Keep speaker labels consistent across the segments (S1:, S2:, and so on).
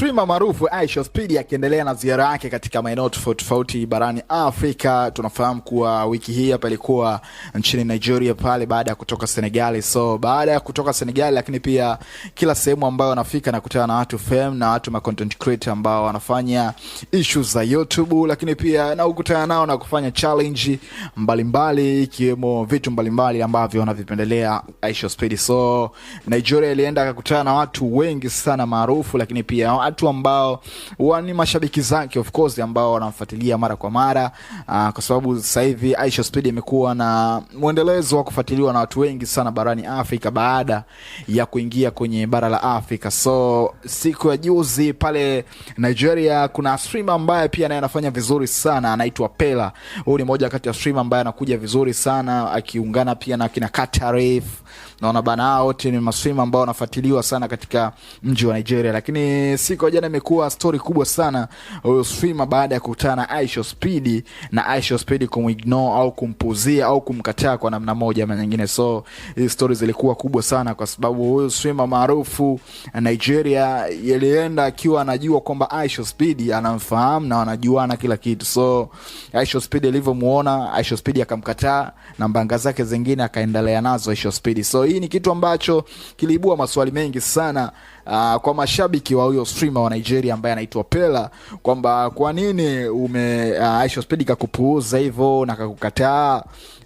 S1: Streamer maarufu Aisha Speed akiendelea na ziara yake katika maeneo tofauti tofauti barani Afrika. Tunafahamu kuwa wiki hii hapa alikuwa nchini Nigeria pale baada ya kutoka Senegali. So baada ya kutoka Senegali, lakini pia kila sehemu ambayo anafika nakutana na watu fame na watu ma content creator ambao wanafanya issues za YouTube, lakini pia na ukutana nao na kufanya challenge mbalimbali ikiwemo vitu mbalimbali ambavyo wanavipendelea Aisha Speed. So Nigeria ilienda akakutana na watu wengi sana maarufu, lakini pia watu ambao ni mashabiki zake of course, ambao wanamfuatilia mara kwa mara uh, kwa sababu sasa hivi Aisha Speed imekuwa na mwendelezo wa kufuatiliwa na watu wengi sana barani Afrika baada ya kuingia kwenye bara la Afrika. So siku ya juzi pale Nigeria kuna streamer ambaye pia naye anafanya vizuri sana, anaitwa Pela. Huyu ni moja kati ya streamer ambaye anakuja vizuri sana akiungana pia na kina Katarif naona bana, wote ni maswima ambao wanafuatiliwa sana katika mji wa Nigeria, lakini siku usiku wa jana imekuwa stori kubwa sana huyo swima baada ya kukutana na Aisha Speed na Aisha Speed kumignore au kumpuzia au kumkataa kwa namna moja ama nyingine. So hizi stori zilikuwa kubwa sana kwa sababu huyo swima maarufu eh, Nigeria yalienda akiwa anajua kwamba Aisha Speed anamfahamu na wanajuana kila kitu. So Aisha Speed alivyomuona Aisha Speed akamkataa na mbanga zake zingine akaendelea nazo Aisha Speed. So hii ni kitu ambacho kiliibua maswali mengi sana uh, kwa mashabiki wa huyo streamer wa Nigeria ambaye anaitwa Pela kwamba kwa nini ume uh, Aisha Speed kakupuuza hivyo na kakukataa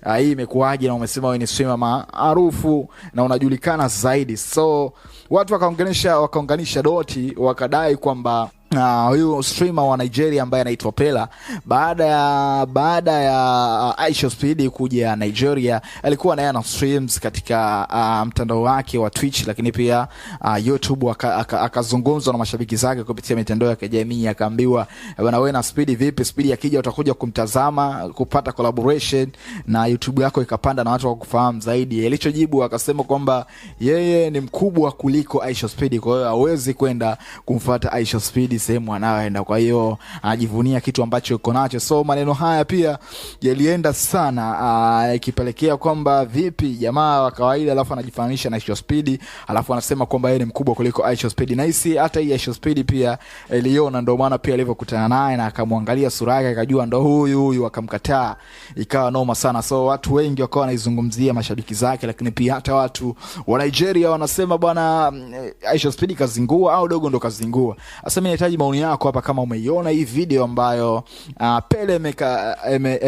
S1: uh, hii imekuwaje, na umesema wewe ni streamer maarufu na unajulikana zaidi. So watu wakaunganisha wakaunganisha doti wakadai kwamba huyu streamer wa Nigeria ambaye anaitwa Pela baada ya baada ya uh, Aisha Speed kuja Nigeria, alikuwa naye ana streams katika uh, mtandao wake wa Twitch, lakini pia uh, YouTube akazungumzwa aka, aka na mashabiki zake kupitia mitandao ya kijamii, akaambiwa bwana, wewe na Speed vipi? Speed akija utakuja kumtazama kupata collaboration na YouTube yako ikapanda na watu wakufahamu zaidi. Alichojibu akasema kwamba yeye ni mkubwa kuliko Aisha Speed, kwa hiyo hawezi kwenda kumfuata Aisha Speed sehemu anayoenda. Kwa hiyo anajivunia ah, kitu ambacho yuko nacho, so maneno haya pia yalienda sana, ikipelekea ah, kwamba vipi jamaa wa kawaida, alafu anajifananisha na Aisha Speed, alafu anasema kwamba yeye ni mkubwa kuliko Aisha Speed, na hisi hata hii Aisha Speed pia iliona eh, ndio maana pia alivyokutana naye na akamwangalia sura yake akajua ndo huyu huyu, akamkataa, ikawa noma sana. So watu wengi wakawa wanaizungumzia mashabiki zake, lakini pia hata watu wa Nigeria wanasema bwana mm, eh, Aisha Speed kazingua au dogo ndo kazingua. asema mimi msikilizaji, maoni yako hapa, kama umeiona hii video ambayo uh, Pele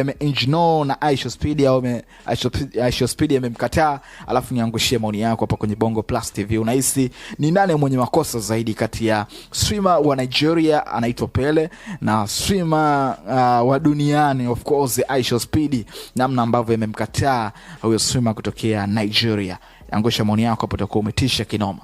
S1: ameenjino na Aisha Speed au Aisha Speed amemkataa, alafu niangushie maoni yako hapa kwenye Bongo Plus TV. Unahisi ni nane mwenye makosa zaidi kati ya swima wa Nigeria anaitwa Pele na swima uh, wa duniani of course Aisha Speed, namna ambavyo amemkataa huyo swima kutokea Nigeria? Angusha maoni yako hapo, utakuwa umetisha kinoma.